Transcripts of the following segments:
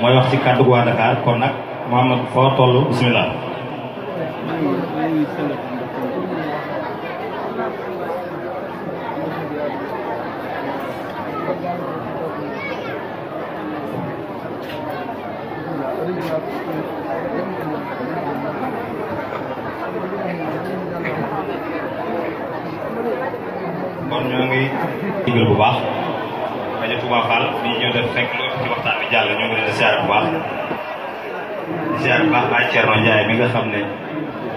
moy wax ci kàddu wa Dakar kon nak mohammed fo tollu bismillah kon ñoo ngi digal bu baax Touba Fall bi ñëw def fekk lu ci di ziar bu di ziar bu baax ay Thierno Ndiaye mi nga xam ne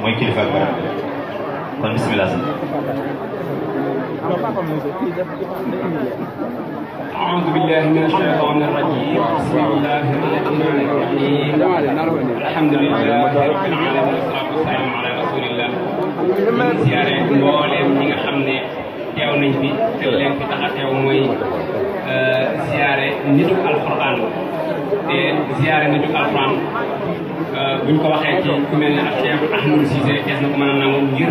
mooy kilifa ak barab kon bisimilah sa أعوذ بالله من الشيطان الرجيم بسم الله الرحمن الرحيم الحمد لله رب العالمين Euh, ziyaare nitu alxuraan te ziyaare nitu euh, buñ ko waxee ci ku mel ne ak Cheikh Ahmadou Cissé gees na ko mën a nangu ngir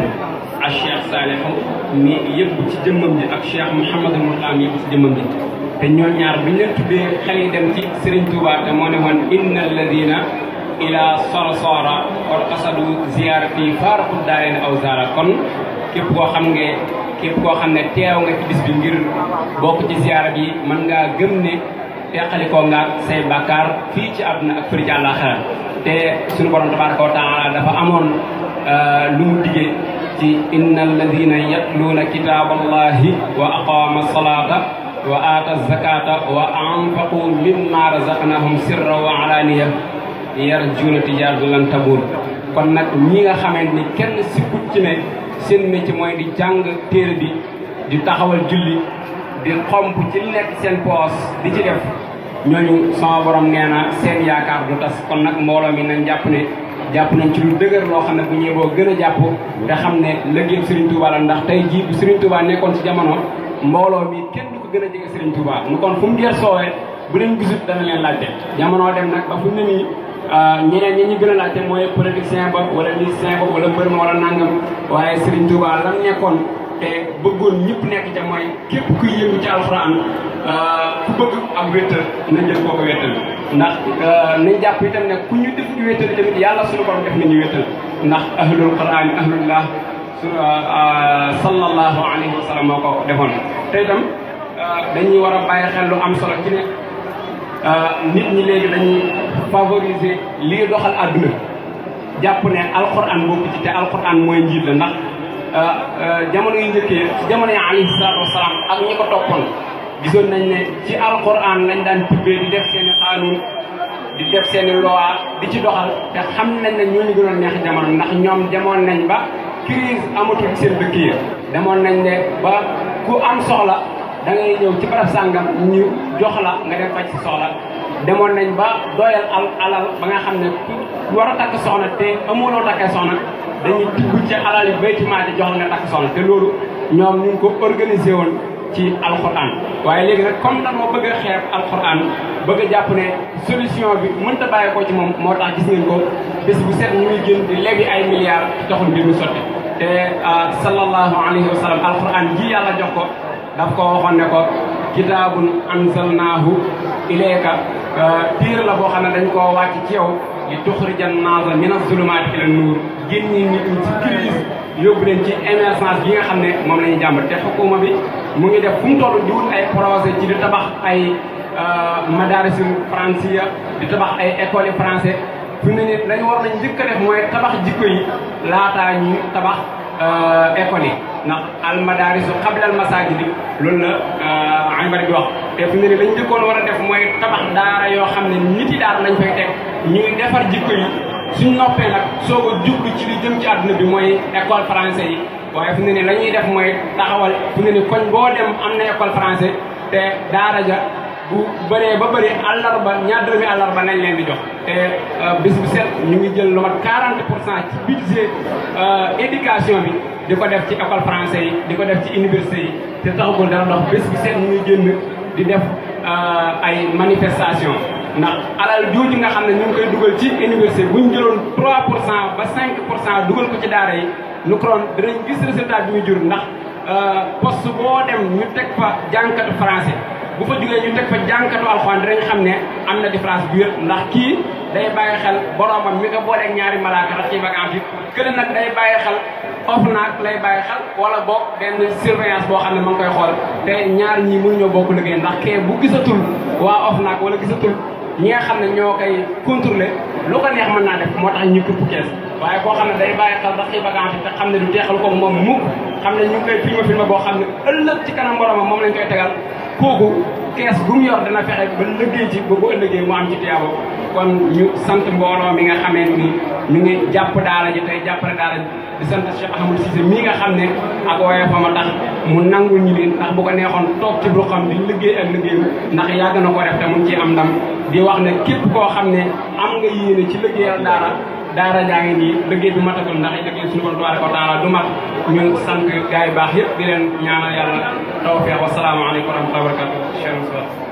ak Cheikh Salihu mi yëpp ci jëmmam ji ak Cheikh Mouhamadou Mourtada mi yëpp ci jëmmam ji te ñoo ñaar buñ leen tuddee xel yi dem ci Serigne Touba te moo ne woon inna alladina ila sorosora qad qasadu ziyaarati faaraqu daareen aw zaara kon képp koo xam képp koo xam ne teew nga ci bis bi ngir bokk ci ziyaara bi mën ngaa gëm say bàkkaar fii ci àdduna ak fëri ci àllaaxira te suñu borom tabaraka wa taala dafa amoon euh, lu mu digee inna alladina yatluuna wa aqaama salaata wa aata zakata wa anfaqu mimma razaqnahum sirra wa alaaniya yarjuuna tijaaratan lan tabuur kon nag ñi nga xamante ni kenn sikkut ci ne seen métier mooy di jàng téere bi di taxawal julli di xomp ci lekk seen poos di ci def ñooñu sama borom nee na seen yaakaar du tas kon nag mbooloo mi nañ jàpp ne jàpp nañ ci lu dëgër loo xam ne bu ñëwee boo gën a jàpp te xam ne lëggéey Serigne Touba la ndax tey jii bu Serigne nekkoon ci jamono mbooloo mi kenn du ko gën a jege Serigne Touba mu kon fu mu geer soowee bu leen gisut dana leen laajte jamono Euh, ñeneen ñi ñu gën a laajte mooy politicien ba wala musicien ba wala mbër ma wala nangam waaye Serigne Touba lam nekkoon te bëggoon ñëpp nekk ca mooy képp kuy yëngu ci alxuraan euh, ku bëgg am wéttal na jël kooku wéttal ndax euh, nañ jàpp itam ne ku ñu def ñu wéttal tamit suñu borom def nañu wéttal ndax ahlul quraan ahlullah sallallahu alayhi wa sallam moo ko defoon te itam dañuy war a bàyyi xel am solo ci ne nit ñi léegi dañuy favoriser li doxal àdduna jàpp ne alxuraan bokku ci te alxuraan mooy njiit la ndax euh, euh, jamono yu njëkkee ci jamono yi alayhi salaatu wasalaam ko toppoon gisoon nañ ne ci alxuraan lañ daan tibbee di def seen i di def seen i di ci doxal te xam nañ ne ñooñu gënoon neex jamono ndax ñoom demoon nañ ba crise amatul seen dëkk yi demoon nañ ne ba ku am soxla da ñëw ci barab sàngam ñu jox la nga dem faj si soxla demoon nañ ba doyal al alal ba nga xam ne ku war a takk soxna te amuloo takkee soxna dañuy dugg ci alal yi baytimaa di jox la nga takk soxna te loolu ñoom ñu ko organisé woon ci alxuraan waaye ba nag a jàpp ne solution bi mënta bàyyi ko ci moom moo tax gis ngeen ko bés bu set ñu ngi génn di lebi ay milliards taxul mbir mi sotti te euh, sallallahu alayhi wa sallam alxuraan ji yàlla jox ko daf ko waxoon ne ko kitaabun anzalnaahu ilayka Euh, tiir la boo xam ne dañ koo wàcc ci yow li tuxrija naasa mina zulumaati ila nuur génne nit ñi ci crise yóbbu leen ci émergence yi nga xam ne moom la ñuy jàmbat te xukuma bi mu ngi def fu mu di wut ay projet ci di tabax ay euh, madarisu francia di tabax ay école yi français fu ne nit lañu war nañ njëkk a def mooy tabax jikko yi laata ñi tabax euh, école yi na al madarisu qabla al masajidi loolu la ambar bi wax te fu ne ni dañ njëkkoon war a def mooy tabax daara yoo xam ne nit yi daara lañ fay teg ñuy defar jikko yi suñ noppee nag soog a jublu ci li jëm ci àdduna bi mooy école francais yi waaye fu ne lañuy def mooy taxawal fu ne ni koñ boo dem am na école français te daara ja bu bëree ba bëri àllarba ñaar dërëmi àllarba lañ leen di jox te euh, bis bu ñu ngi jël lu mat 40 pour cent ci budget euh, éducation bi di ko def ci école français yi di ko def ci université yi te dara dox bis di def euh, ay manifestation ndax alal jooju nga xam ne ñu ngi koy dugal ci université bu ñu jëloon 3 pour cent ba 5 pour cent dugal ko ci daara yi nu croon dinañ gis résultat bi muy jur ndax euh, poste boo dem ñu teg fa jànkatu français bu fa jugee ñu teg fa jànkatu alxuraan dinañ xam ne am na différence bu ndax kii day bàyyi xel boromam mi ko booleeg ñaari malaaka raqiib ak atiid kële nag day bàyyi xel OFNAC lay bàyyi xel wala boog benn surveillance boo xam ne ma koy xool te ñaar ñii mënuñoo bokk liggéey ndax kee bu gisatul waa OFNAC wala gisatul ñi nga xam ne ñoo koy contrôler lu ko neex mën naa def moo tax ñu këpp kees waaye koo xam ne day bàyyi xel raqiib ak atiid te xam ne moom mukk xam ne ñu ngi koy filma filma boo xam ne ëllëg ci kanam boromam moom lañ koy tegal kooku kees bu mu yor dina fexe ba liggéey ci ba bu ëllëgee mu am ci teewu kon ñu sant mbooloo mi nga xamee ni mi ngi jàpp daara ji tey jàppale daara ji di sant Cheikh Ahmadou Cissé mii nga xam ne ak wooye fa ma tax mu nangul ñu leen ndax bu ko neexoon toog ci bu xam di liggéey ak liggéey ndax yàgg na ko def te mu ci am ndam di wax ne képp koo xam ne am nga yéene ci liggéeyal daara daara jaa ngi nii liggéey bi matagul ndax it ak suñu borom tabaaraka wa taala du mat ñu sant gars yi baax yëpp di leen ñaanal yàlla tawfiq wa salaamu aleykum wa rahmatulah wa barakatu